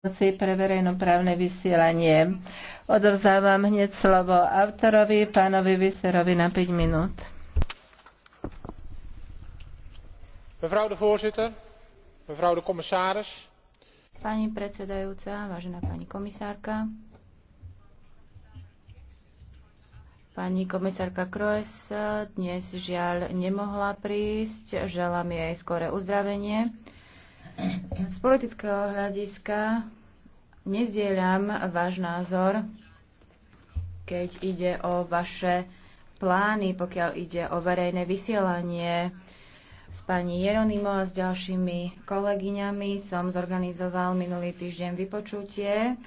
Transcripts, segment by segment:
relácii pre verejnoprávne vysielanie. Odovzdávam hneď slovo autorovi, pánovi Vyserovi na 5 minút. Mevrouw de voorzitter, mevrouw de commissaris. Pani predsedajúca, vážená pani komisárka. Pani komisárka Kroes dnes žiaľ nemohla prísť. Želám jej skore uzdravenie. Z politického hľadiska nezdieľam váš názor, keď ide o vaše plány, pokiaľ ide o verejné vysielanie. S pani Jeronimo a s ďalšími kolegyňami som zorganizoval minulý týždeň vypočutie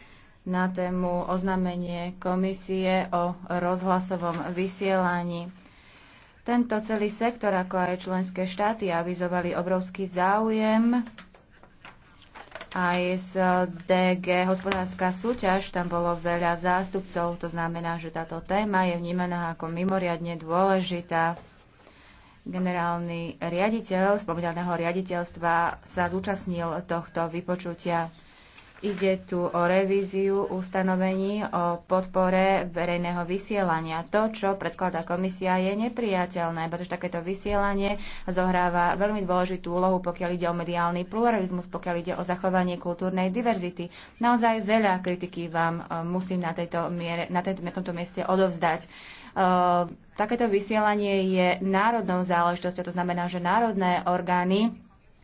na tému oznámenie komisie o rozhlasovom vysielaní. Tento celý sektor, ako aj členské štáty, avizovali obrovský záujem aj z eh, DG hospodárska súťaž, tam bolo veľa zástupcov, to znamená, že táto téma je vnímaná ako mimoriadne dôležitá. Generálny riaditeľ spomínaného riaditeľstva sa zúčastnil tohto vypočutia. Ide tu o revíziu ustanovení o podpore verejného vysielania. To, čo predkladá komisia, je nepriateľné, pretože takéto vysielanie zohráva veľmi dôležitú úlohu, pokiaľ ide o mediálny pluralizmus, pokiaľ ide o zachovanie kultúrnej diverzity. Naozaj veľa kritiky vám e, musím na, tejto miere, na, tejto, na tomto mieste odovzdať. E, takéto vysielanie je národnou záležitosťou, to znamená, že národné orgány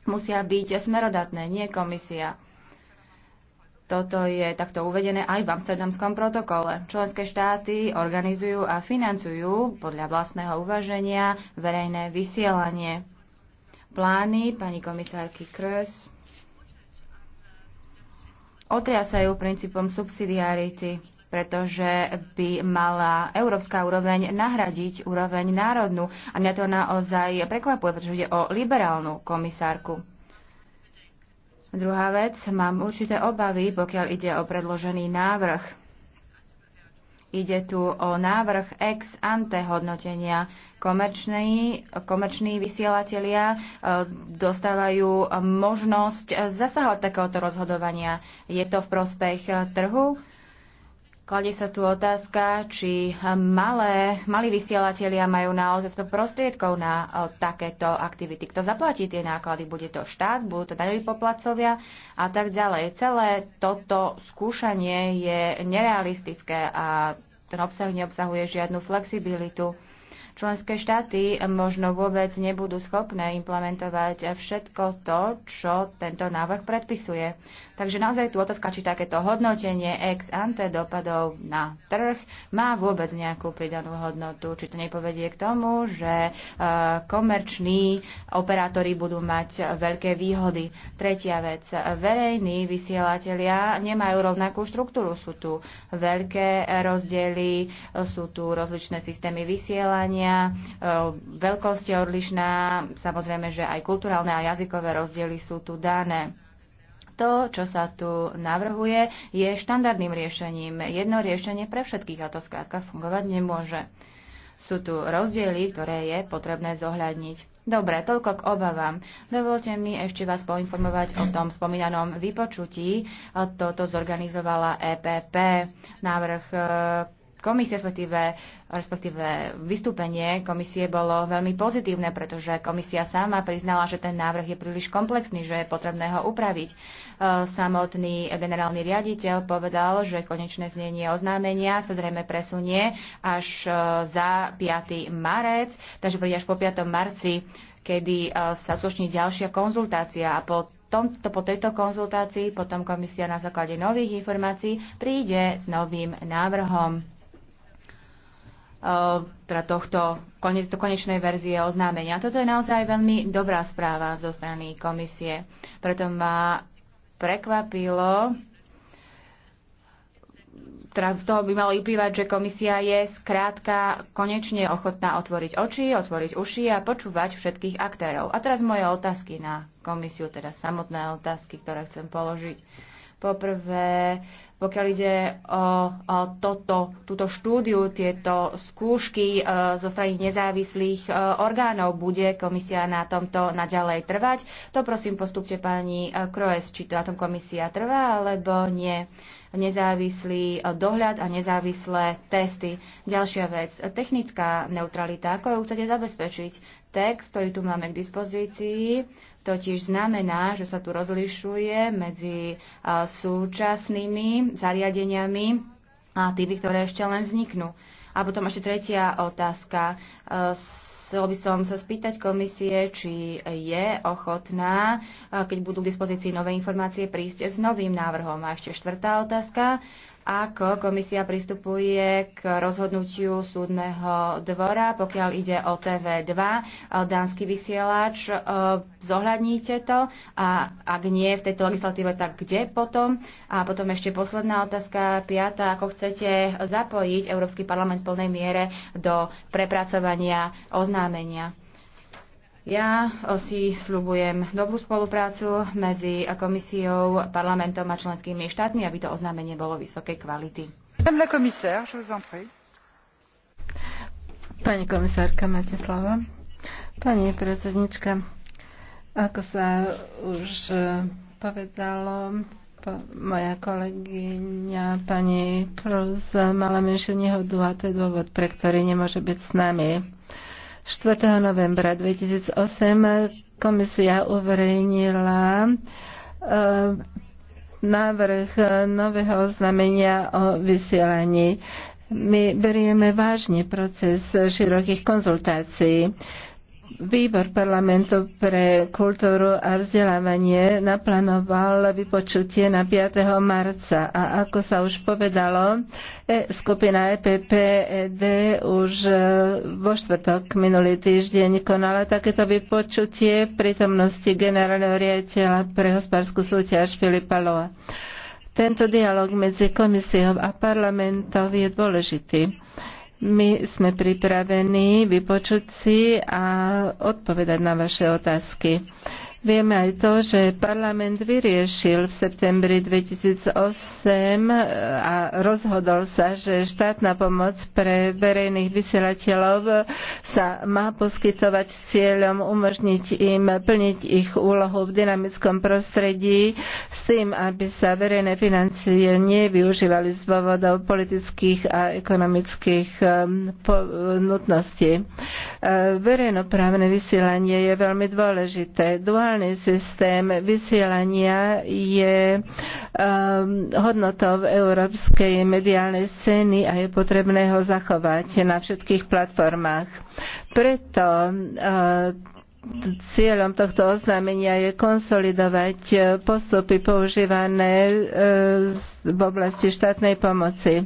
musia byť smerodatné, nie komisia. Toto je takto uvedené aj v Amsterdamskom protokole. Členské štáty organizujú a financujú podľa vlastného uvaženia verejné vysielanie. Plány pani komisárky Krös otriasajú princípom subsidiarity pretože by mala európska úroveň nahradiť úroveň národnú. A mňa to naozaj prekvapuje, pretože ide o liberálnu komisárku. Druhá vec, mám určité obavy, pokiaľ ide o predložený návrh. Ide tu o návrh ex ante hodnotenia. Komerční, komerční vysielatelia e, dostávajú možnosť zasahovať takéhoto rozhodovania. Je to v prospech trhu? Kladie sa tu otázka, či malé, malí vysielatelia majú naozaj to prostriedkov na takéto aktivity. Kto zaplatí tie náklady? Bude to štát, budú to daňoví poplacovia a tak ďalej. Celé toto skúšanie je nerealistické a ten obsah neobsahuje žiadnu flexibilitu členské štáty možno vôbec nebudú schopné implementovať všetko to, čo tento návrh predpisuje. Takže naozaj tu otázka, či takéto hodnotenie ex ante dopadov na trh má vôbec nejakú pridanú hodnotu, či to nepovedie k tomu, že e, komerční operátori budú mať veľké výhody. Tretia vec. Verejní vysielatelia nemajú rovnakú štruktúru. Sú tu veľké rozdiely, sú tu rozličné systémy vysielania, odlišná, e, veľkosť je odlišná, samozrejme, že aj kulturálne a jazykové rozdiely sú tu dané to, čo sa tu navrhuje, je štandardným riešením. Jedno riešenie pre všetkých a to skrátka fungovať nemôže. Sú tu rozdiely, ktoré je potrebné zohľadniť. Dobre, toľko k obavám. Dovolte mi ešte vás poinformovať o tom spomínanom vypočutí. Toto zorganizovala EPP. Návrh e, komisie, respektíve, respektíve vystúpenie komisie bolo veľmi pozitívne, pretože komisia sama priznala, že ten návrh je príliš komplexný, že je potrebné ho upraviť. E, samotný generálny riaditeľ povedal, že konečné znenie oznámenia sa zrejme presunie až e, za 5. marec, takže príde až po 5. marci, kedy e, sa súčni ďalšia konzultácia a po tomto, po tejto konzultácii potom komisia na základe nových informácií príde s novým návrhom. Eh, teda tohto, to konečnej verzie oznámenia. Toto je naozaj veľmi dobrá správa zo strany komisie. Preto ma prekvapilo, teraz z toho by malo vyplývať, že komisia je skrátka konečne ochotná otvoriť oči, otvoriť uši a počúvať všetkých aktérov. A teraz moje otázky na komisiu, teda samotné otázky, ktoré chcem položiť. Poprvé, pokiaľ ide o, o toto, túto štúdiu, tieto skúšky e, zo strany nezávislých e, orgánov, bude komisia na tomto naďalej trvať. To prosím postupte pani e, Kroes, či to na tom komisia trvá alebo nie nezávislý e, dohľad a nezávislé testy. Ďalšia vec, technická neutralita. Ako ju chcete zabezpečiť? Text, ktorý tu máme k dispozícii, totiž znamená, že sa tu rozlišuje medzi súčasnými zariadeniami a tými, ktoré ešte len vzniknú. A potom ešte tretia otázka. Chcel by som sa spýtať komisie, či je ochotná, keď budú k dispozícii nové informácie, prísť s novým návrhom. A ešte štvrtá otázka ako komisia pristupuje k rozhodnutiu súdneho dvora, pokiaľ ide o TV2, dánsky vysielač. E, zohľadníte to a ak nie v tejto legislatíve, tak kde potom? A potom ešte posledná otázka, piata, ako chcete zapojiť Európsky parlament v plnej miere do prepracovania oznámenia. Ja eh, si slúbujem dobrú spoluprácu medzi komisiou, parlamentom a členskými štátmi, aby to oznámenie bolo vysokej kvality. Pani komisárka, máte slovo. Pani predsednička, ako sa už eh, povedalo, moja kolegyňa pani Cruz mala menšiu nehodu a to je dôvod, pre ktorý nemôže byť s nami. 4. novembra 2008 komisia uverejnila eh, návrh nového oznámenia o vysielaní. My berieme vážne proces širokých konzultácií. Výbor parlamentu pre kultúru a vzdelávanie naplánoval vypočutie na 5. marca a ako sa už povedalo, e, skupina EPPED už e, vo štvrtok minulý týždeň konala takéto vypočutie v prítomnosti generálneho riaditeľa pre hospodárskú súťaž Filipa Loa. Tento dialog medzi komisiou a parlamentom je dôležitý my sme pripravení vypočuť si a odpovedať na vaše otázky. Vieme aj to, že parlament vyriešil v septembri 2008 e, a rozhodol sa, že štátna pomoc pre verejných vysielateľov sa má poskytovať s cieľom umožniť im plniť ich úlohu v dynamickom prostredí s tým, aby sa verejné financie nevyužívali z dôvodov politických a ekonomických e, e, nutností. Verejnoprávne vysielanie je veľmi dôležité. Duálny systém vysielania je um, hodnotou európskej mediálnej scény a je potrebné ho zachovať na všetkých platformách. Preto uh, Cieľom tohto oznámenia je konsolidovať e, postupy používané e, v oblasti štátnej pomoci. E,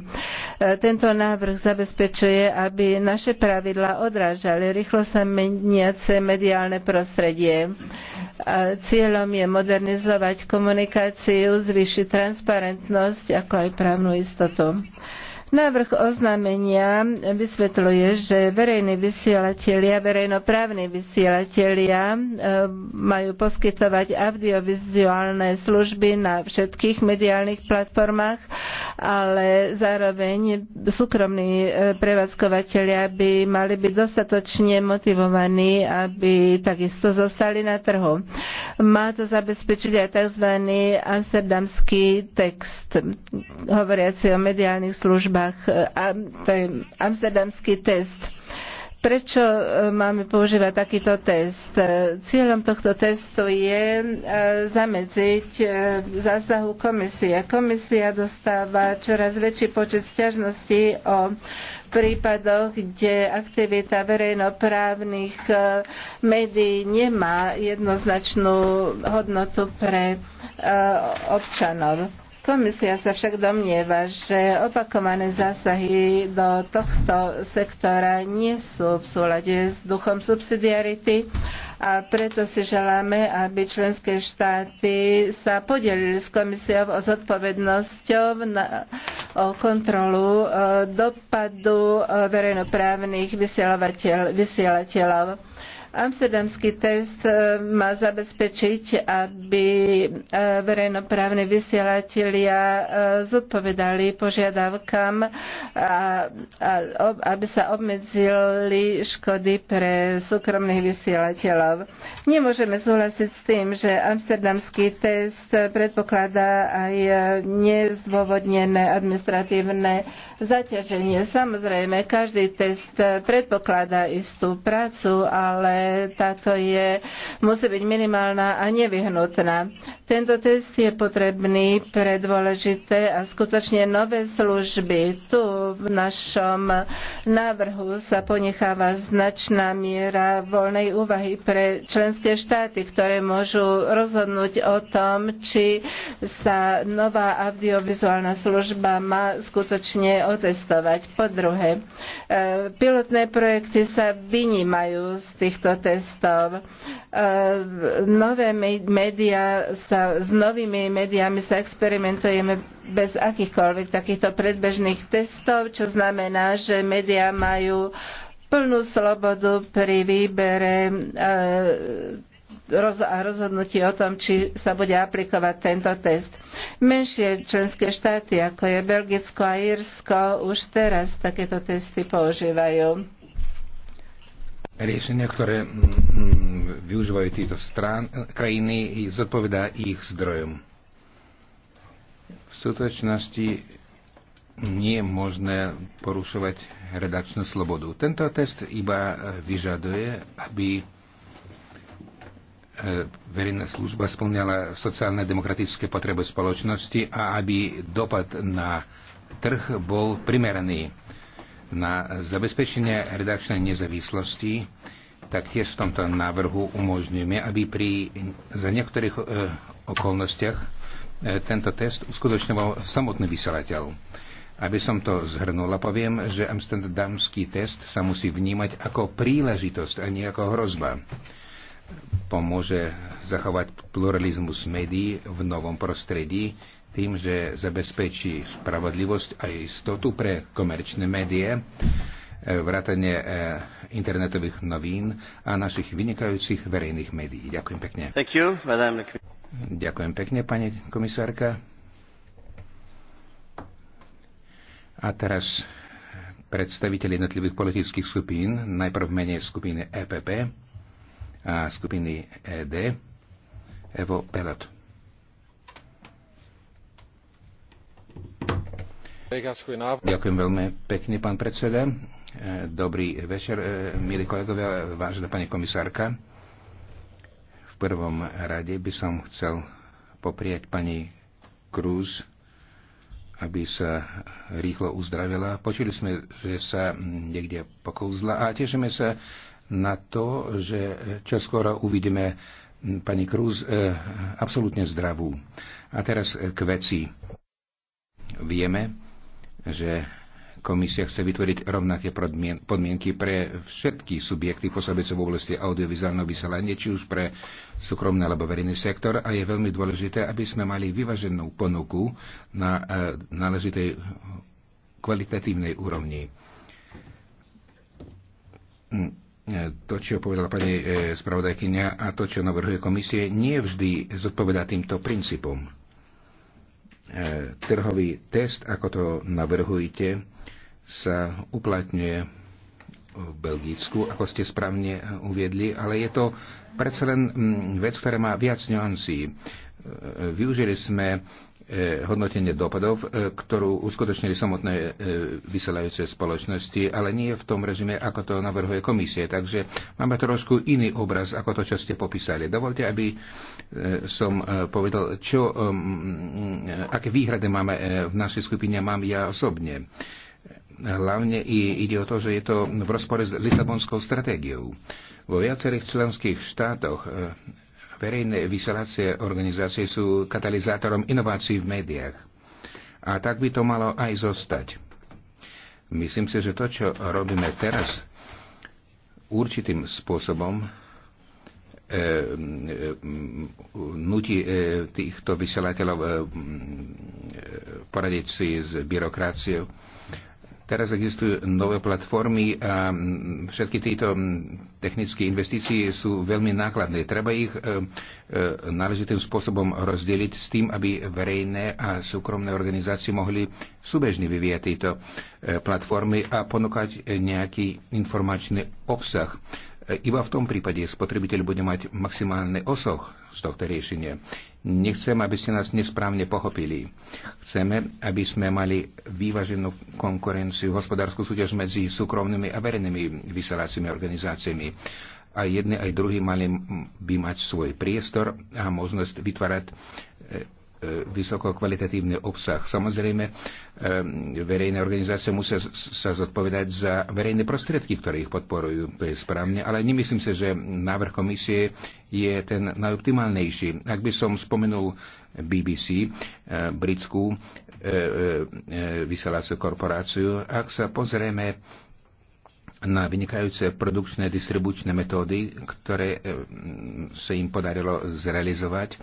tento návrh zabezpečuje, aby naše pravidla odrážali rýchlo sa meniace mediálne prostredie. Cieľom je modernizovať komunikáciu, zvýšiť transparentnosť, ako aj právnu istotu. Návrh oznámenia vysvetľuje, že verejní vysielatelia, verejnoprávni vysielatelia e, majú poskytovať audiovizuálne služby na všetkých mediálnych platformách, ale zároveň súkromní e, prevádzkovateľia by mali byť dostatočne motivovaní, aby takisto zostali na trhu. Má to zabezpečiť aj tzv. amsterdamský text, hovoriaci o mediálnych službách krajinách e, amsterdamský test. Prečo e, máme používať takýto test? E, cieľom tohto testu je zamedziť zásahu komisie. Komisia dostáva čoraz väčší počet stiažností o prípadoch, kde aktivita verejnoprávnych médií nemá jednoznačnú hodnotu pre občanov Komisia sa však domnieva, že opakované zásahy do tohto sektora nie sú v súlade s duchom subsidiarity a preto si želáme, aby členské štáty sa podelili s komisiou o zodpovednosťou na, o kontrolu e, dopadu e, verejnoprávnych vysielateľov Amsterdamský test e, má zabezpečiť, aby e, verejnoprávne vysielatelia e, zodpovedali požiadavkám a aby sa obmedzili škody pre súkromných vysielateľov. Nemôžeme súhlasiť s tým, že amsterdamský test predpokladá aj nezdôvodnené administratívne zaťaženie. Samozrejme, každý test predpokladá istú prácu, ale táto je, musí byť minimálna a nevyhnutná. Tento test je potrebný pre dôležité a skutočne nové služby. Tu v našom návrhu sa ponecháva značná miera voľnej úvahy pre členské štáty, ktoré môžu rozhodnúť o tom, či sa nová audiovizuálna služba má skutočne otestovať. Po druhé, e, pilotné projekty sa vynímajú z týchto protestov. E, nové médiá sa, s novými médiami sa experimentujeme bez akýchkoľvek takýchto predbežných testov, čo znamená, že médiá majú plnú slobodu pri výbere e, a rozhodnutí o tom, či sa bude aplikovať tento test. Menšie členské štáty, ako je Belgicko a Írsko, už teraz takéto testy používajú. Riešenia, ktoré mm, mm, využívajú tieto strán, krajiny, zodpovedá ich zdrojom. V skutočnosti nie je možné porušovať redakčnú slobodu. Tento test iba vyžaduje, aby e, verejná služba splňala sociálne demokratické potreby spoločnosti a aby dopad na trh bol primeraný na zabezpečenie redakčnej nezávislosti, tak tiež v tomto návrhu umožňujeme, aby pri, za niektorých e, okolnostiach e, tento test uskutočňoval samotný vysielateľ. Aby som to zhrnula, poviem, že amsterdamský test sa musí vnímať ako príležitosť a nie ako hrozba. Pomôže zachovať pluralizmus médií v novom prostredí, tým, že zabezpečí spravodlivosť a istotu pre komerčné médiá, e, vrátanie e, internetových novín a našich vynikajúcich verejných médií. Ďakujem pekne. Thank you, madame. Ďakujem pekne, pani komisárka. A teraz predstaviteľ jednotlivých politických skupín, najprv menej skupiny EPP a skupiny ED, Evo Pelot. Ďakujem veľmi pekne, pán predseda. E, dobrý večer, e, milí kolegovia, vážená pani komisárka. V prvom rade by som chcel poprieť pani Krúz, aby sa rýchlo uzdravila. Počuli sme, že sa niekde pokouzla a tešíme sa na to, že čoskoro uvidíme pani Krúz e, absolútne zdravú. A teraz k veci. Vieme, že komisia chce vytvoriť rovnaké podmienky pre všetky subjekty pôsobiace v oblasti audiovizuálneho vysielania, či už pre súkromný alebo verejný sektor a je veľmi dôležité, aby sme mali vyvaženú ponuku na e, náležitej kvalitatívnej úrovni. Hm, e, to, čo povedala pani e, spravodajkynia a to, čo navrhuje komisie, nie vždy zodpoveda týmto princípom E, trhový test, ako to navrhujete, sa uplatňuje v Belgicku, ako ste správne e, uviedli, ale je to predsa len mm, vec, ktorá má viac nuancí. E, využili sme E, hodnotenie dopadov, e, ktorú uskutočnili samotné e, vysielajúce spoločnosti, ale nie v tom režime, ako to navrhuje komisie. Takže máme trošku iný obraz, ako to, čo ste popísali. Dovolte, aby som povedal, čo, aké výhrady máme v našej skupine, mám ja osobne. Hlavne ide o to, že je to v rozpore s Lisabonskou stratégiou. Vo viacerých členských štátoch verejné vysielacie organizácie sú katalizátorom inovácií v médiách. A tak by to malo aj zostať. Myslím si, že to, čo robíme teraz, určitým spôsobom e, e, nutí e, týchto vysielateľov e, e poradiť si s byrokraciou Teraz existujú nové platformy a všetky tieto technické investície sú veľmi nákladné. Treba ich e, e, náležitým spôsobom rozdeliť s tým, aby verejné a súkromné organizácie mohli súbežne vyvíjať tieto e, platformy a ponúkať nejaký informačný obsah. Iba v tom prípade spotrebiteľ bude mať maximálny osoch z tohto riešenia. Nechcem, aby ste nás nesprávne pochopili. Chceme, aby sme mali vyváženú konkurenciu, hospodárskú súťaž medzi súkromnými a verejnými vysielacími organizáciami. A jedni aj druhí mali by mať svoj priestor a možnosť vytvárať e, vysokokvalitatívny obsah. Samozrejme, ehm, verejné organizácie musia sa zodpovedať za verejné prostriedky, ktoré ich podporujú. To je správne, ale nemyslím si, že návrh komisie je ten najoptimálnejší. Ak by som spomenul BBC, ehm, britskú ehm, vysielaciu korporáciu, ak sa pozrieme na vynikajúce produkčné distribučné metódy, ktoré sa im podarilo zrealizovať,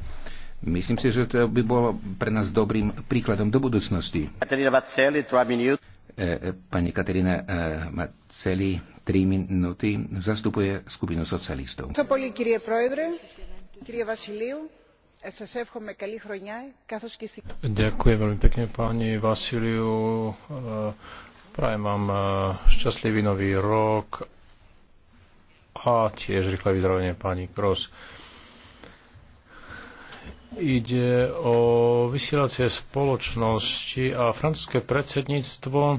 Myslím si, že to by bolo pre nás dobrým príkladom do budúcnosti. E, e, pani Katerina e, má celý 3 minúty, zastupuje skupinu socialistov. Ďakujem veľmi pekne pani Vasiliu. Prajem vám šťastlivý nový rok a tiež rýchle vyzdravenie pani Kros. Ide o vysielacie spoločnosti a francúzske predsedníctvo e,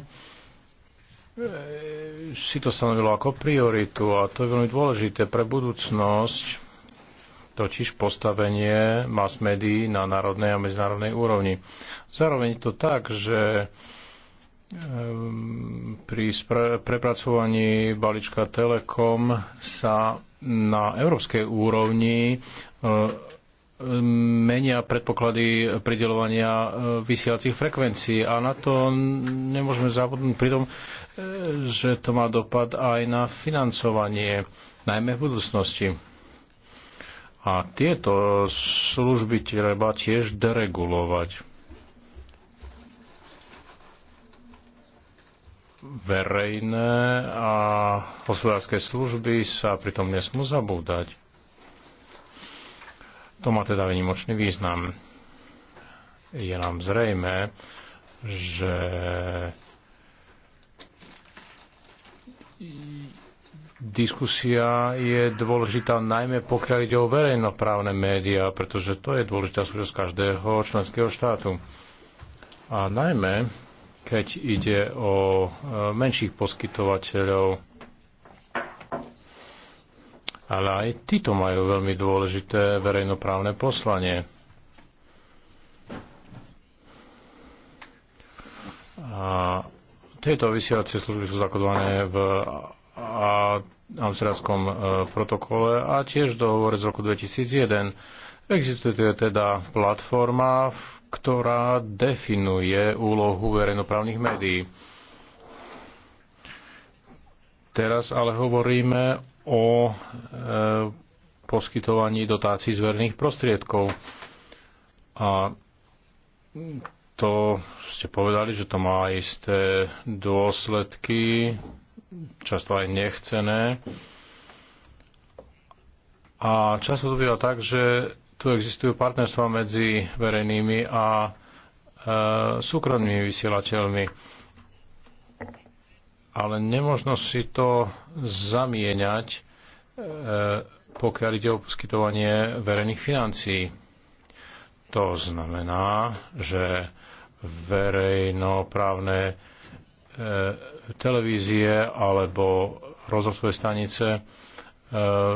si to stanovilo ako prioritu a to je veľmi dôležité pre budúcnosť, totiž postavenie mass médií na národnej a medzinárodnej úrovni. Zároveň je to tak, že pri prepracovaní balíčka Telekom sa na európskej úrovni e, menia predpoklady pridelovania e, vysielacích frekvencií a na to nemôžeme zabudnúť pri tom, e, že to má dopad aj na financovanie, najmä v budúcnosti. A tieto služby treba tiež deregulovať. Verejné a hospodárske služby sa pritom nesmú zabúdať. To má teda vynimočný význam. Je nám zrejme, že diskusia je dôležitá najmä pokiaľ ide o verejnoprávne médiá, pretože to je dôležitá súčasť každého členského štátu. A najmä, keď ide o e, menších poskytovateľov ale aj títo majú veľmi dôležité verejnoprávne poslanie. A tieto vysielacie služby sú zakodované v amsterdamskom e, protokole a tiež dohovore z roku 2001. Existuje teda platforma, ktorá definuje úlohu verejnoprávnych médií. Teraz ale hovoríme o e, poskytovaní dotácií z verných prostriedkov. A to ste povedali, že to má isté dôsledky, často aj nechcené. A často to býva tak, že tu existujú partnerstva medzi verejnými a e, súkromnými vysielateľmi ale nemožno si to zamieňať, e, pokiaľ ide o poskytovanie verejných financií. To znamená, že verejnoprávne e, televízie alebo rozhlasové stanice e,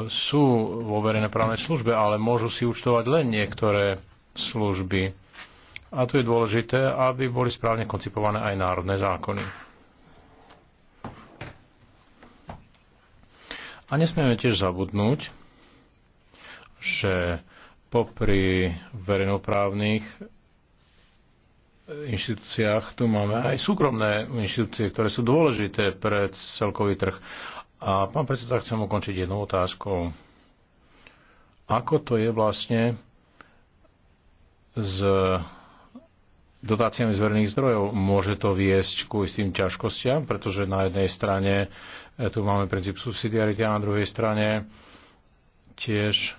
sú vo verejnej právnej službe, ale môžu si účtovať len niektoré služby. A tu je dôležité, aby boli správne koncipované aj národné zákony. A nesmieme tiež zabudnúť, že popri verejnoprávnych inštitúciách tu máme aj súkromné inštitúcie, ktoré sú dôležité pre celkový trh. A pán predseda, chcem ukončiť jednou otázkou. Ako to je vlastne s dotáciami z verejných zdrojov. Môže to viesť ku istým ťažkostiam, pretože na jednej strane e, tu máme princíp subsidiarity a na druhej strane tiež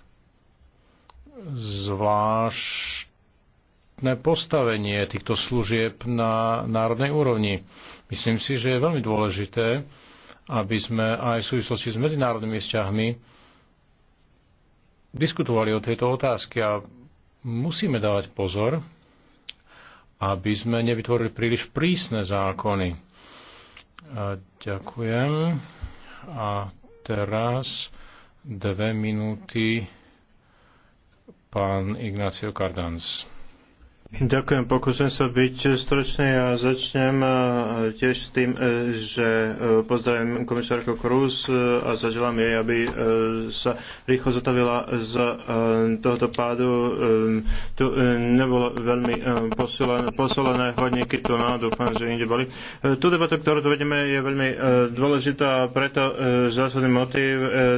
zvláštne postavenie týchto služieb na národnej úrovni. Myslím si, že je veľmi dôležité, aby sme aj v súvislosti s medzinárodnými vzťahmi diskutovali o tejto otázke a musíme dávať pozor, aby sme nevytvorili príliš prísne zákony. A ďakujem. A teraz dve minúty pán Ignacio Cardans. Ďakujem, pokúsim sa byť stručný a začnem e, tiež s tým, e, že e, pozdravím komisárku Cruz a zaželám jej, aby sa rýchlo zotavila z tohoto pádu. Tu nebolo veľmi posolené hodníky tu na, no, dúfam, že inde boli. Tu debatu, ktorú tu vedeme, je veľmi dôležitá a preto zásadný motív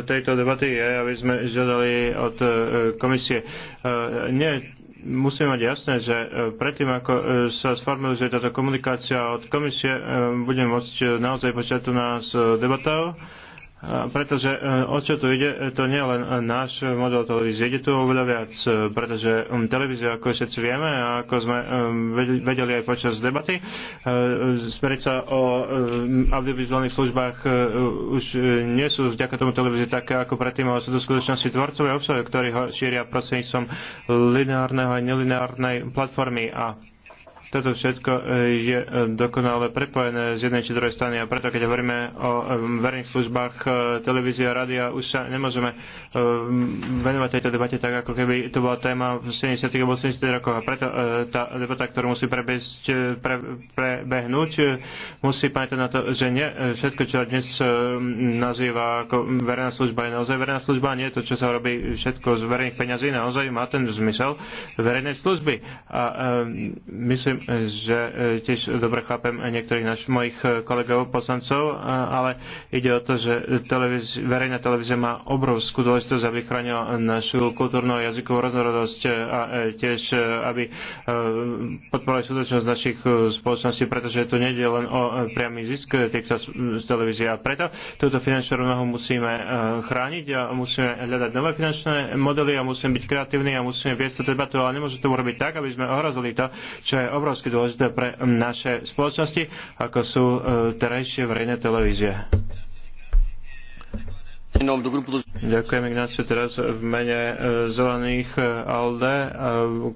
tejto debaty je, aby sme žiadali od komisie. Nie musíme mať jasné, že e, predtým, ako e, sa sformalizuje táto komunikácia od komisie, e, budeme môcť naozaj počať tu nás debatov pretože e, o čo tu ide, e, to nie je len e, náš model televízie, ide tu oveľa viac, pretože um, televízia, ako všetci vieme a ako sme vedeli aj počas debaty, sa o audiovizuálnych službách už nie sú vďaka tomu televízie také ako predtým, ale sú to skutočnosti tvorcovia obsahu, ktorí ho šíria prostredníctvom lineárneho a nelineárnej platformy a toto všetko e, je e, dokonale prepojené z jednej či druhej strany a preto, keď hovoríme o e, verejných službách televízie a rádia, už sa nemôžeme venovať tejto debate tak, ako keby to bola téma v 70. alebo 80. rokoch a preto tá debata, ktorú musí prebeť, pre, prebehnúť, musí pamätať na to, že nie všetko, čo dnes nazýva ako verejná služba, je naozaj verejná služba, nie je to, čo sa robí všetko z verejných peňazí, naozaj má ten zmysel verejnej služby. A, a myslím, že e, tiež dobre chápem niektorých naš, mojich e, kolegov poslancov, e, ale ide o to, že televíz, verejná televízia má obrovskú dôležitosť, aby chránila našu kultúrnu a jazykovú rozhodnosť a tiež, aby podporovali skutočnosť našich spoločností, pretože tu nejde len o priamy zisk týchto z televízie. A preto túto finančnú rovnohu musíme chrániť a musíme hľadať nové finančné modely a musíme byť kreatívni a musíme viesť tú debatu, ale nemôže to urobiť tak, aby sme ohrozili to, čo je obrovské obrovsky dôležité pre naše spoločnosti, ako sú e, terajšie verejné televízie. Ďakujem Ignácio teraz v mene e, zelených e, ALDE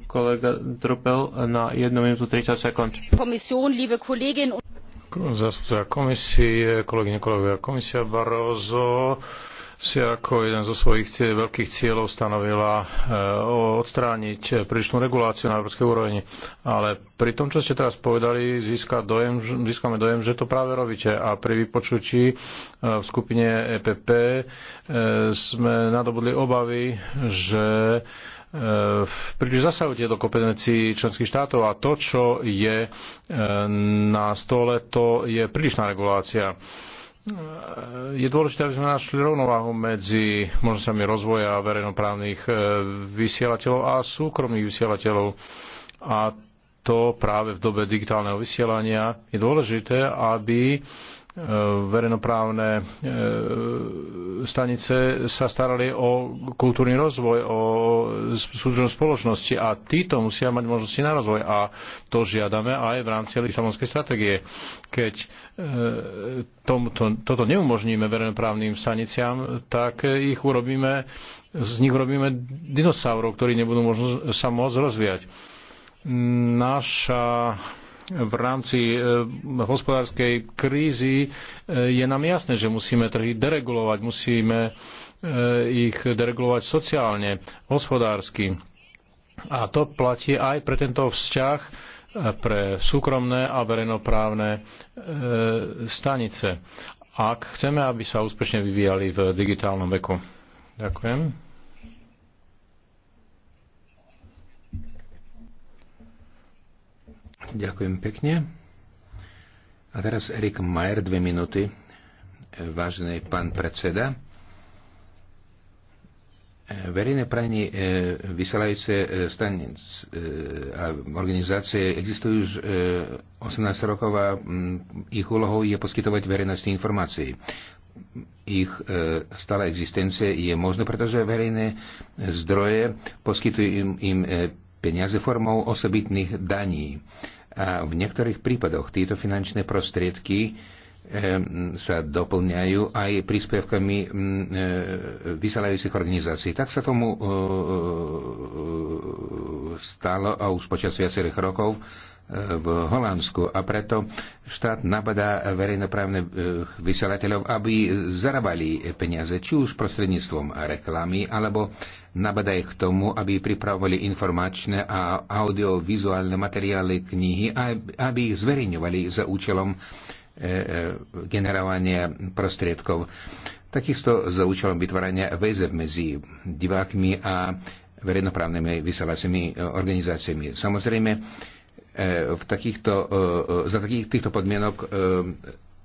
kolega Trupel na 1 minútu 30 sekúnd. Zastupca komisie, kolegyne, kolegovia, komisia Barroso si ako jeden zo svojich veľkých cieľov stanovila e, odstrániť prílišnú reguláciu na európskej úrovni. Ale pri tom, čo ste teraz povedali, získa dojem, získame dojem, že to práve robíte. A pri vypočutí e, v skupine EPP e, sme nadobudli obavy, že príliš zasahujete do kompetencií členských štátov a to, čo je na stole, to je prílišná regulácia je dôležité, aby sme našli rovnováhu medzi možnosťami rozvoja verejnoprávnych eh, vysielateľov a súkromných vysielateľov. A to práve v dobe digitálneho vysielania je dôležité, aby Eh, verejnoprávne eh, stanice sa starali o kultúrny rozvoj, o súdržnosť spoločnosti a títo musia mať možnosti na rozvoj a to žiadame aj v rámci Lisabonskej stratégie. Keď eh, tomuto, toto neumožníme verejnoprávnym staniciam, tak ich urobíme, z nich urobíme dinosaurov, ktorí nebudú možno sa môcť rozvíjať. Naša v rámci e, hospodárskej krízy e, je nám jasné, že musíme trhy deregulovať, musíme e, ich deregulovať sociálne, hospodársky. A to platí aj pre tento vzťah pre súkromné a verejnoprávne stanice, ak chceme, aby sa úspešne vyvíjali v digitálnom veku. Ďakujem. Ďakujem pekne. A teraz Erik Majer, dve minúty. Vážený pán predseda, verejné pranie e, vysielajúce e, stanic e, a organizácie existujú už 18 rokov a ich úlohou je poskytovať verejnosti informácií. Ich stále existencie je možná, pretože verejné zdroje poskytujú im peniaze formou osobitných daní a v niektorých prípadoch tieto finančné prostriedky sa doplňajú aj príspevkami e, vysielajúcich organizácií. Tak sa tomu e, e, stalo a už počas viacerých rokov v Holandsku a preto štát nabadá verejnoprávnych vysielateľov, aby zarábali peniaze či už prostredníctvom reklamy alebo nabadá ich k tomu, aby pripravovali informačné a audiovizuálne materiály knihy a aby ich zverejňovali za účelom e, e, generovania prostriedkov. Takisto za účelom vytvárania väzeb medzi divákmi a verejnoprávnymi vysielacími e, organizáciami. Samozrejme, v takýchto, za takých, týchto podmienok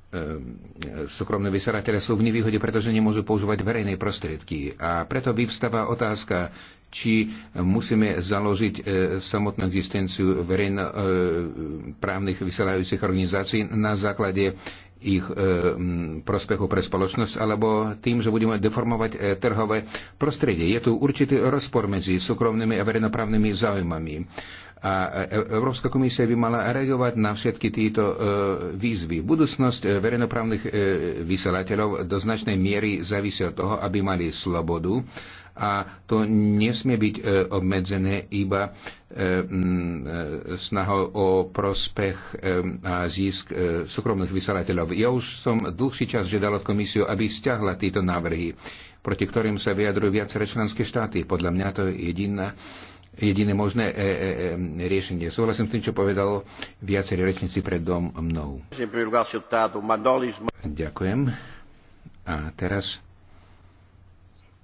Ehm, súkromné vysielateľe sú v nevýhode, pretože nemôžu používať verejné prostriedky. A preto vyvstáva otázka, či musíme založiť e, samotnú existenciu verejnoprávnych e, vysielajúcich organizácií na základe ich e, prospechu pre spoločnosť, alebo tým, že budeme deformovať trhové prostredie. Je tu určitý rozpor medzi súkromnými a verejnoprávnymi záujmami. A Európska komisia by mala reagovať na všetky tieto e, výzvy. Budúcnosť e, verejnoprávnych e, vysielateľov do značnej miery závisí od toho, aby mali slobodu a to nesmie byť obmedzené iba snahou o prospech a zisk súkromných vysielateľov. Ja už som dlhší čas žiadal od komisiu, aby stiahla tieto návrhy, proti ktorým sa vyjadrujú viaceré členské štáty. Podľa mňa to je jediná jediné možné e, e, e, riešenie. Súhlasím s tým, čo povedal viacerí rečníci dom mnou. Ďakujem. A teraz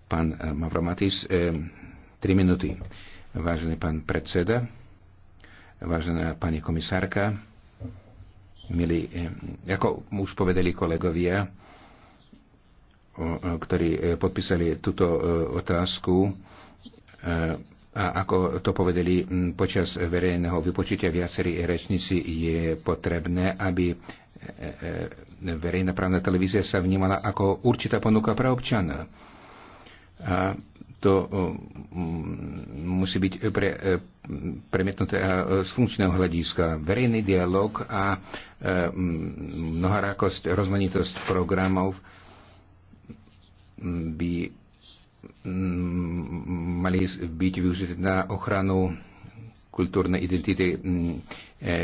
pán Mavromatis, tri minúty. Vážený pán predseda, vážená pani komisárka, milí, ako už povedali kolegovia, ktorí podpísali túto otázku, a ako to povedali počas verejného vypočutia viacerí rečníci, je potrebné, aby e, e, verejná právna televízia sa vnímala ako určitá ponuka pre občana. A to musí byť pre, e, premietnuté z funkčného hľadiska. Verejný dialog a mnohorakosť, rozmanitosť programov by mali byť využité na ochranu kultúrnej identity e,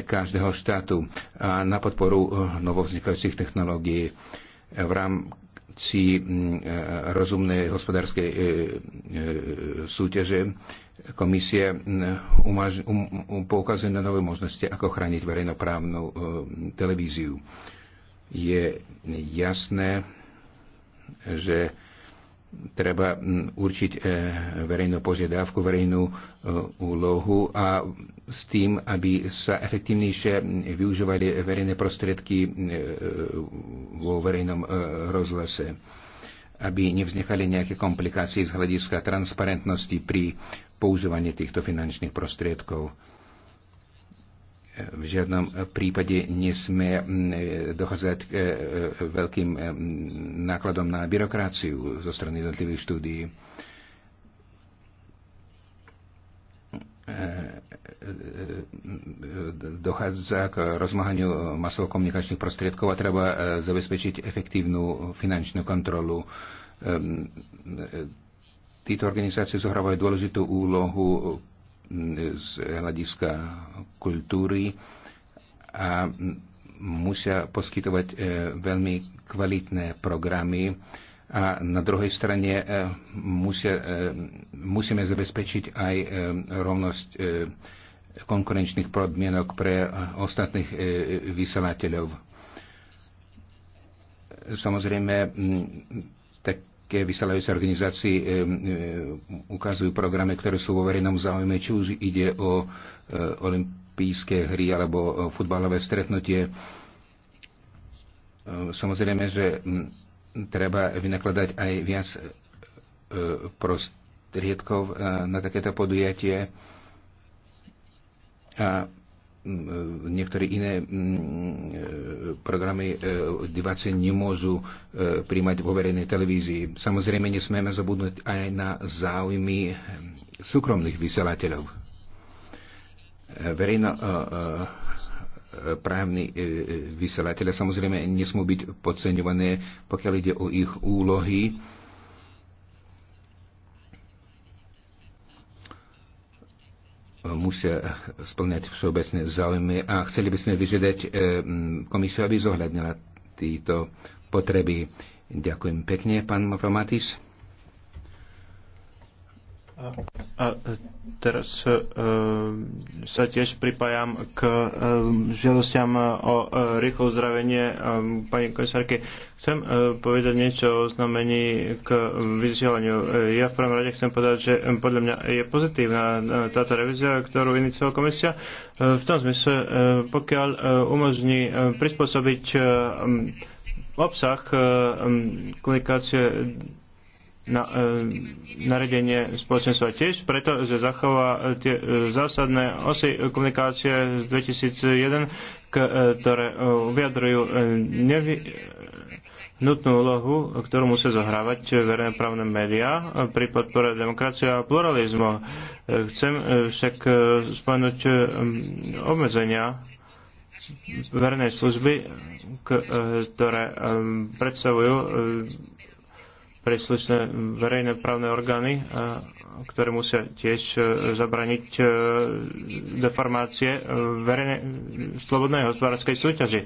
každého štátu a na podporu e, novovznikajúcich technológií v rámci e, rozumnej hospodárskej súťaže komisia um, um, poukazuje na nové možnosti, ako chrániť verejnoprávnu televíziu. Je jasné, že treba určiť e, verejnú požiadavku, verejnú e, úlohu a s tým, aby sa efektívnejšie využívali verejné prostriedky e, vo verejnom rozhlase aby nevznechali nejaké komplikácie z hľadiska transparentnosti pri používaní týchto finančných prostriedkov v žiadnom prípade nesmie dochádzať k e, e, veľkým nákladom na byrokraciu zo strany jednotlivých štúdií. E, dochádza k rozmahaniu masovo prostriedkov a treba zabezpečiť efektívnu finančnú kontrolu. Títo organizácie zohrávajú dôležitú úlohu z hľadiska kultúry a musia poskytovať e, veľmi kvalitné programy a na druhej strane e, musia, e, musíme zabezpečiť aj rovnosť konkurenčných podmienok pre ostatných vysielateľov. Samozrejme, všetké vysielajúce organizácie ukazujú programy, ktoré sú vo verejnom záujme, či už ide o e, olympijské hry alebo futbalové stretnutie. E, samozrejme, že treba vynakladať aj viac e, prostriedkov na takéto podujatie. A E, niektoré iné e, programy e, diváci nemôžu príjmať vo verejnej televízii. Samozrejme, nesmieme zabudnúť aj na záujmy súkromných vysielateľov. Verejno právni vysielateľe samozrejme nesmú byť podceňované, pokiaľ ide o ich úlohy musia splňať všeobecné záujmy a chceli by sme vyžiadať eh, komisiu, aby zohľadnila tieto potreby. Ďakujem pekne, pán Mavromatis. A e, teraz uh, sa tiež pripájam k uh, žiadostiam o uh, rýchlo uzdravenie um, pani komisárky. Chcem uh, povedať niečo o znamení k vysielaniu. Uh, ja v prvom rade chcem povedať, že um, podľa mňa je pozitívna uh, táto revízia, ktorú iniciovala komisia. Uh, v tom zmysle, uh, pokiaľ uh, umožní uh, prispôsobiť um, obsah um, komunikácie na, e, naredenie spoločenstva tiež, pretože zachová e, tie e, zásadné osy komunikácie z 2001, e, ktoré e, vyjadrujú e, nevy, nutnú úlohu, ktorú musia zohrávať verejné právne médiá e, pri podpore demokracie a pluralizmu. Chcem však spomenúť obmedzenia verejnej služby, ktoré predstavujú príslušné verejné právne orgány, ktoré musia tiež e, zabraniť e, deformácie e, verejne, slobodnej hospodárskej súťaži.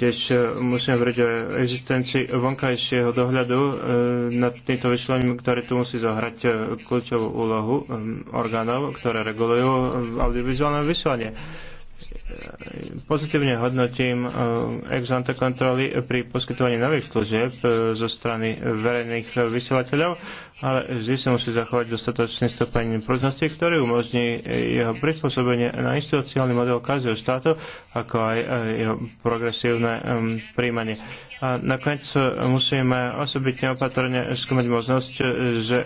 tiež musíme hovoriť o existencii vonkajšieho dohľadu nad týmto vyšlením, ktoré tu musí zahrať kľúčovú úlohu orgánov, ktoré regulujú audiovizuálne vysielanie pozitívne hodnotím eh, ex ante kontroly pri poskytovaní nových služieb eh, zo strany verejných vysielateľov ale vždy sa musí zachovať dostatočný stupeň prúžnosti, ktorý umožní eh, jeho prispôsobenie na institucionálny model každého štátu, ako aj eh, jeho progresívne príjmanie. A nakoniec eh, musíme osobitne opatrne skúmať možnosť, že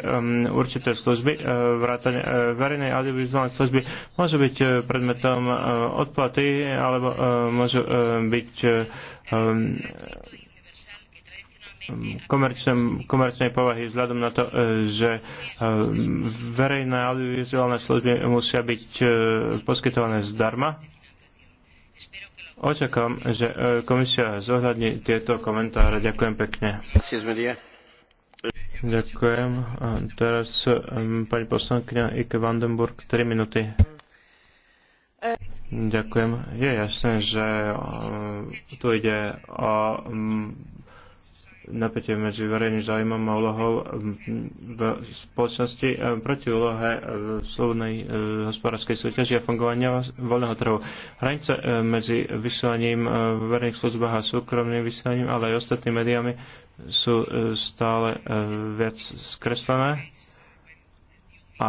určité služby, vrátane verejnej audiovizuálnej služby, môžu byť predmetom odplaty alebo môžu byť komerčnej povahy vzhľadom na to, e, že e, verejné audiovizuálne služby musia byť e, poskytované zdarma. Očakám, že komisia zohľadní tieto komentáre. Ďakujem pekne. Ďakujem. A teraz pani poslankyňa Ike Vandenburg, 3 minúty. Ďakujem. Je jasné, že tu ide o napätie medzi verejným zájmom a úlohou v spoločnosti e, proti úlohe e, slobodnej e, hospodárskej súťaži a fungovania voľného trhu. Hranice medzi vysielaním v verejných službách a súkromným vysielaním, ale aj ostatnými médiami sú stále viac skreslené a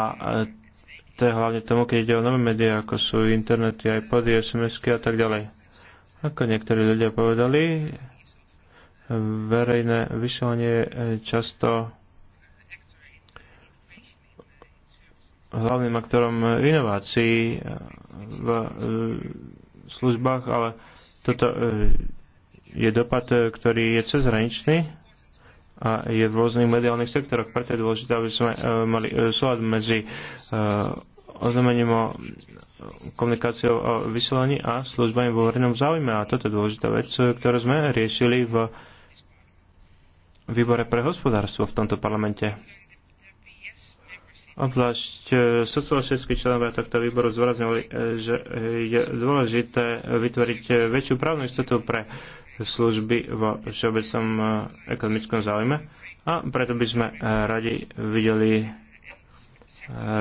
to je hlavne tomu, keď ide o nové médiá, ako sú internety, iPody, SMS-ky a tak ďalej. Ako niektorí ľudia povedali, verejné vysielanie eh, často hlavným aktorom inovácií eh, v eh, službách, ale toto je dopad, ktorý je cezhraničný a je v rôznych mediálnych sektoroch. Preto je dôležité, aby sme mali súlad medzi oznamením o komunikáciou o vysielaní a službami vo verejnom záujme. A toto je dôležitá vec, ktorú sme riešili v výbore pre hospodárstvo v tomto parlamente. Obzvlášť e, socialistickí členovia tohto výboru zvorazňovali, e, že e, je dôležité vytvoriť väčšiu právnu istotu pre služby vo všeobecnom ekonomickom záujme a preto by sme radi videli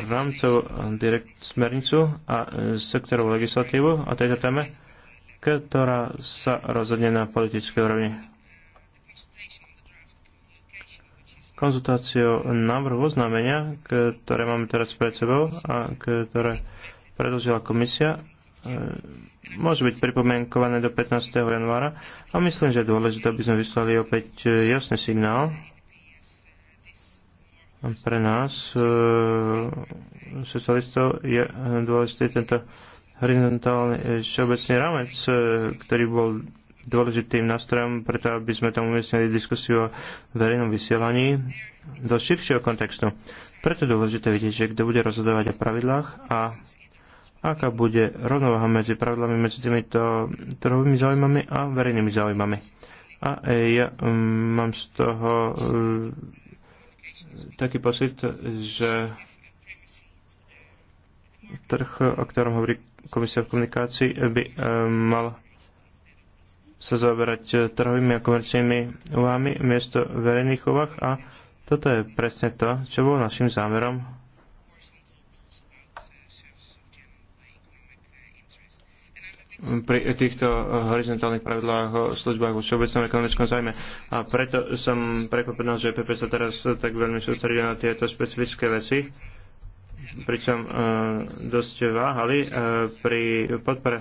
rámcov direkt smernicu a sektorovú legislatívu o tejto téme, ktorá sa rozhodne na politickej úrovni. konzultáciu návrhu oznámenia, ktoré máme teraz pred sebou a ktoré predložila komisia, e, môže byť pripomienkované do 15. januára a myslím, že je dôležité, aby sme vyslali opäť e, jasný signál pre nás, e, socialistov, je dôležitý tento horizontálny všeobecný rámec, ktorý bol dôležitým nástrojom, preto aby sme tam umiestnili diskusiu o verejnom vysielaní zo širšieho kontextu. Preto je dôležité vidieť, že kto bude rozhodovať o pravidlách a aká bude rovnováha medzi pravidlami, medzi týmito trhovými záujmami a verejnými záujmami. A e, ja um, mám z toho e, taký pocit, že trh, o ktorom hovorí komisia v komunikácii, by e, mal sa zaoberať e, trhovými a komerčnými úvahami miesto verejných úvah a toto je presne to, čo bolo našim zámerom. pri týchto horizontálnych pravidlách o službách vo všeobecnom ekonomickom zájme. A preto som prekvapená, že PP sa teraz tak veľmi sústredí na tieto špecifické veci pričom e, dosť váhali e, pri podpore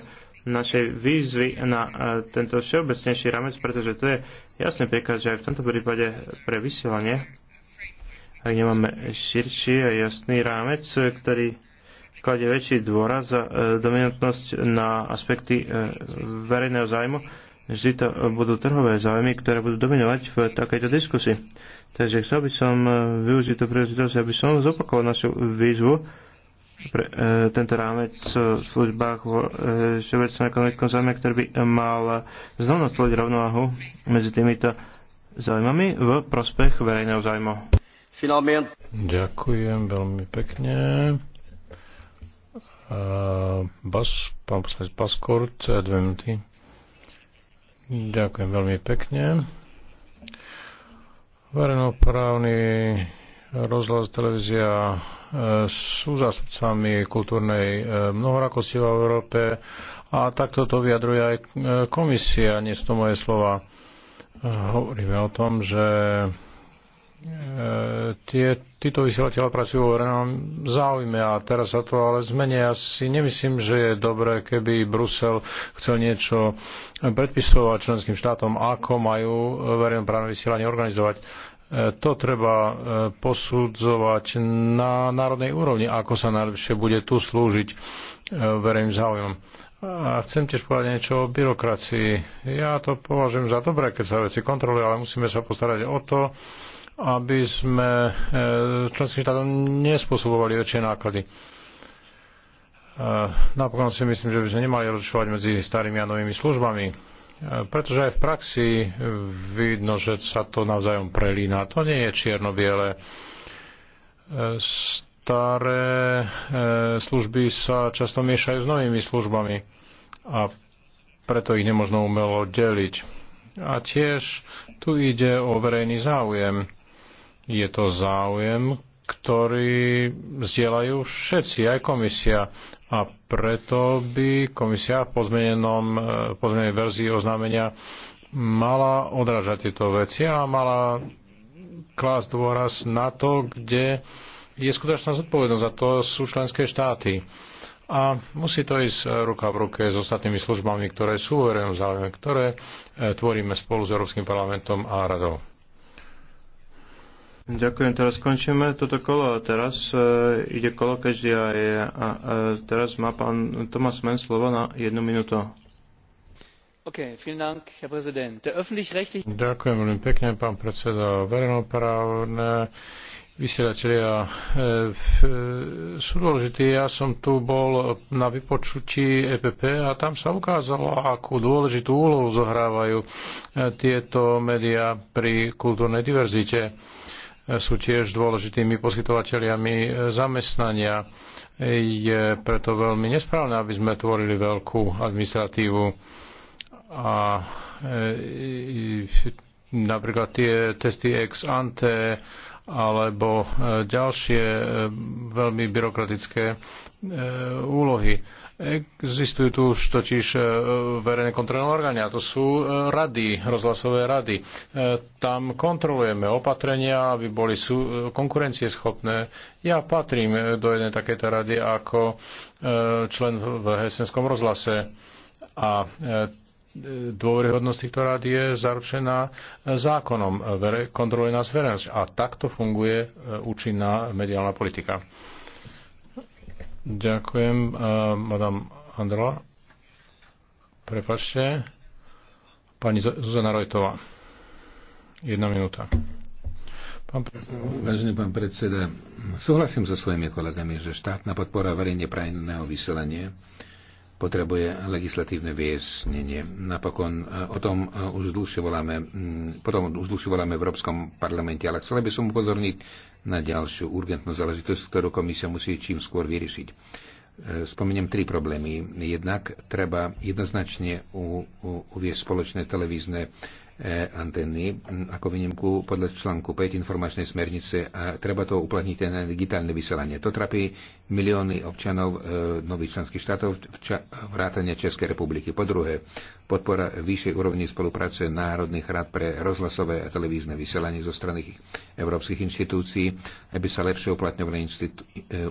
našej výzvy na e, tento všeobecnejší ramec, pretože to je jasný príklad, že aj v tomto prípade pre vysielanie ak nemáme širší a jasný rámec, ktorý kladie väčší dôraz a e, dominantnosť na aspekty e, verejného zájmu, vždy to budú trhové záujmy, ktoré budú dominovať v takejto diskusii. Takže chcel by som využiť tú príležitosť, aby som zopakoval našu výzvu pre, e, tento rámec v službách v e, všeobecnom ekonomickom záujme, ktorý by mal znovu nastoliť rovnováhu medzi týmito záujmami v prospech verejného zájmu. Ďakujem veľmi pekne. Uh, Bas, pán poslanec Paskort, dve minúty. Ďakujem veľmi pekne. Verejnoprávny rozhlas, televízia e, sú zástupcami kultúrnej e, mnohorakosti v Európe a takto to vyjadruje aj e, komisia, nie sú to moje slova. Hovoríme o tom, že tie, títo vysielateľa pracujú vo verejnom záujme a teraz sa to ale zmenia. Ja si nemyslím, že je dobré, keby Brusel chcel niečo predpisovať členským štátom, ako majú verejnoprávne vysielanie organizovať. To treba e, posudzovať na národnej úrovni, ako sa najlepšie bude tu slúžiť e, verejným záujmom. A chcem tiež povedať niečo o byrokracii. Ja to považujem za dobré, keď sa veci kontrolujú, ale musíme sa postarať o to, aby sme e, členským štátom nespôsobovali väčšie náklady. Napokon si myslím, že by sme nemali rozlišovať medzi starými a novými službami pretože aj v praxi vidno, že sa to navzájom prelína. To nie je čierno-biele. Staré e, služby sa často miešajú s novými službami a preto ich nemožno umelo deliť. A tiež tu ide o verejný záujem. Je to záujem, ktorý zdieľajú všetci, aj komisia a preto by komisia e, v pozmenenej verzii oznámenia mala odrážať tieto veci a mala klásť dôraz na to, kde je skutočná zodpovednosť a to sú členské štáty. A musí to ísť ruka v ruke s ostatnými službami, ktoré sú v verejnom záujme, ktoré e, tvoríme spolu s Európskym parlamentom a radou. Ďakujem, teraz skončíme toto kolo a teraz e, ide kolo každý a, je, a e, teraz má pán Tomas Men slovo na jednu minútu. Okay, Dank, Ďakujem veľmi pekne, pán predseda. Verejnoprávne vysielatelia e, e, sú dôležití. Ja som tu bol na vypočutí EPP a tam sa ukázalo, akú dôležitú úlohu zohrávajú e, tieto médiá pri kultúrnej diverzite sú tiež dôležitými poskytovateľiami e, zamestnania. Je preto veľmi nesprávne, aby sme tvorili veľkú administratívu a e, napríklad tie testy ex ante alebo e, ďalšie veľmi byrokratické úlohy Existujú tu už totiž e, verejné kontrolné orgány, a to sú e, rady, rozhlasové rady. E, tam kontrolujeme opatrenia, aby boli sú konkurencieschopné. Ja patrím do jednej takéto rady ako člen v Hesenskom rozhlase a dôveryhodnosť týchto rád je zaručená zákonom. Kontroluje nás verejnosť. A takto funguje účinná mediálna politika. Ďakujem, uh, madam Androla. Prepačte. Pani Zuzana Rojtová. Jedna minúta. Pán predseda. Vážený pán predseda, súhlasím so svojimi kolegami, že štátna podpora verejne prajného vyselania potrebuje legislatívne vyjasnenie. Napokon e, o tom e, už dlhšie voláme, potom už dlhšie voláme v Európskom parlamente, ale chcel by som upozorniť na ďalšiu urgentnú záležitosť, ktorú komisia musí čím skôr vyriešiť. E, spomeniem tri problémy. Jednak treba jednoznačne uviesť spoločné televízne antény ako výnimku podľa článku 5 informačnej smernice a treba to uplatniť aj na digitálne vysielanie. To trapí milióny občanov e, nových členských štátov vrátane Českej republiky. Po druhé, podpora vyššej úrovni spolupráce Národných rád pre rozhlasové a televízne vysielanie zo strany európskych inštitúcií, aby sa lepšie uplatňovali e,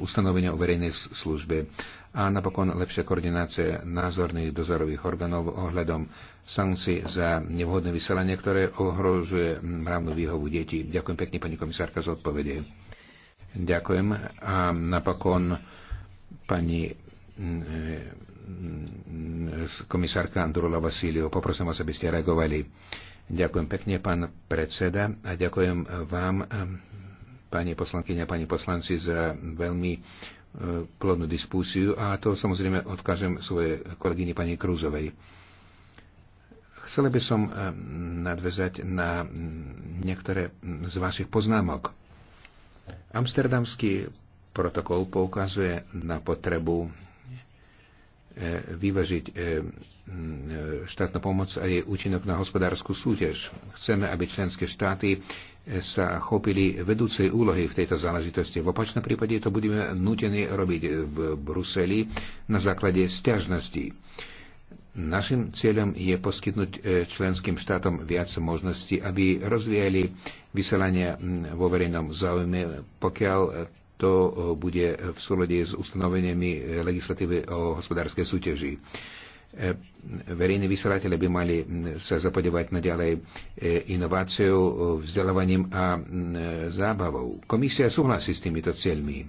ustanovenia o verejnej službe a napokon lepšia koordinácia názorných dozorových orgánov ohľadom sankcií za nevhodné vyselanie, ktoré ohrozuje mravnú výhovu detí. Ďakujem pekne, pani komisárka, za odpovede. Ďakujem. A napokon pani mm, mm, komisárka Andrula Vasíliu. Poprosím vás, aby ste reagovali. Ďakujem pekne, pán predseda, a ďakujem vám, pani poslankyňa, pani poslanci, za veľmi e, plodnú diskusiu a to samozrejme odkážem svojej kolegyni pani Krúzovej. Chcela by som eh, nadvezať na mm, niektoré z vašich poznámok. Amsterdamský protokol poukazuje na potrebu eh, vyvažiť eh, mm, štátnu pomoc a jej účinok na hospodárskú súťaž. Chceme, aby členské štáty sa chopili vedúcej úlohy v tejto záležitosti. V opačnom prípade to budeme nutení robiť v Bruseli na základe stiažností. Našim cieľom je poskytnúť e, členským štátom viac možností, aby rozvíjali vyselanie vo verejnom záujme, pokiaľ e, to e, bude v súlade s ustanoveniami legislatívy o hospodárskej súťaži. Verejní vysielateľe by mali sa zapodevať naďalej inováciou, vzdelávaním a zábavou. Komisia súhlasí s týmito cieľmi.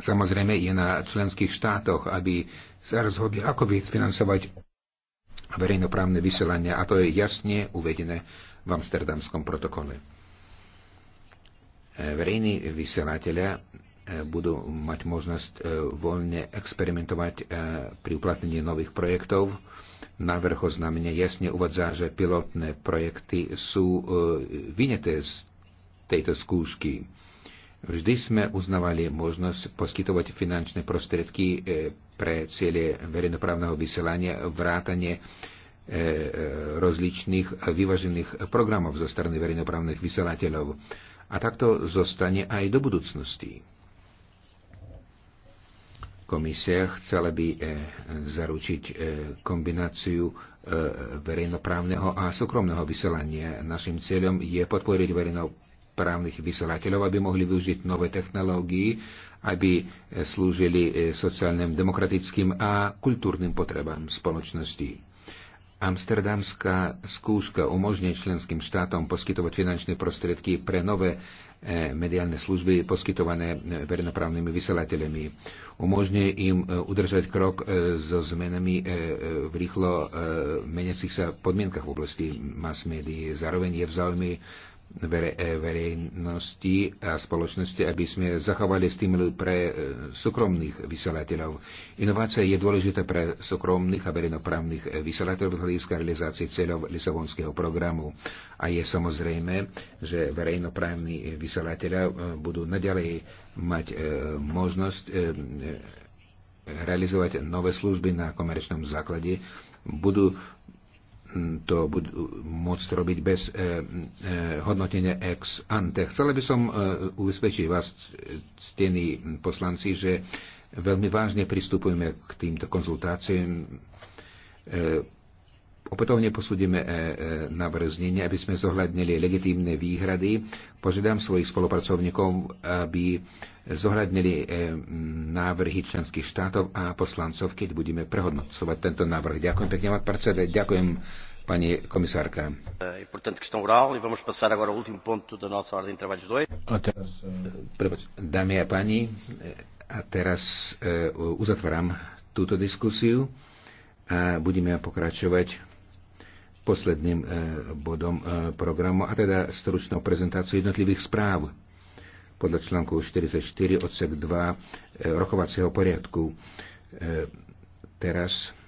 Samozrejme je na členských štátoch, aby sa rozhodli, ako financovať verejnoprávne vysielania a to je jasne uvedené v Amsterdamskom protokole. E, verejní vysielateľia e, budú mať možnosť e, voľne experimentovať pri uplatnení nových projektov. Návrh oznámenia jasne uvádza, že pilotné projekty sú vyneté z tejto skúšky. Vždy sme uznavali možnosť poskytovať finančné prostriedky pre cieľe verejnoprávneho vysielania, vrátanie e, e, rozličných vyvažených programov zo strany verejnoprávnych vysielateľov. A takto zostane aj do budúcnosti. Komisia chcela by e, zaručiť kombináciu verejnoprávneho a súkromného vysielania. Našim cieľom je podporiť verejnoprávnych vysielateľov, aby mohli využiť nové technológie, aby e, slúžili e, sociálnym, demokratickým a kultúrnym potrebám spoločnosti. Amsterdamská skúška umožňuje členským štátom poskytovať finančné prostriedky pre nové e, mediálne služby poskytované verejnoprávnymi vysielateľmi. umožňuje im udržať krok so zmenami v rýchlo meniacich sa podmienkach v oblasti mass médií. Zároveň je v záujme E, verejnosti a spoločnosti, aby sme zachovali stimul pre e, súkromných vysielateľov. Inovácia je dôležitá pre súkromných a verejnoprávnych e, vysielateľov z hľadiska realizácie cieľov Lisabonského programu. A je samozrejme, že verejnoprávni vysielateľa budú naďalej mať možnosť realizovať nové služby na komerčnom základe, budú to budú môcť robiť bez eh, eh, hodnotenia ex ante. Chcela by som eh, ubezpečiť vás, stení poslanci, že veľmi vážne pristupujeme k týmto konzultáciám opätovne posúdime e, e, návrh znenia, aby sme zohľadnili legitímne výhrady. Požiadam svojich spolupracovníkov, aby zohľadnili e, návrhy členských štátov a poslancov, keď budeme prehodnocovať tento návrh. Ďakujem pekne, pán predseda. Ďakujem, pani komisárka. A teraz, dámy a páni, a teraz uzatváram túto diskusiu a budeme pokračovať posledným e, bodom e, programu, a teda stručnou prezentáciou jednotlivých správ podľa článku 44 odsek 2 e, rokovacieho poriadku. Teraz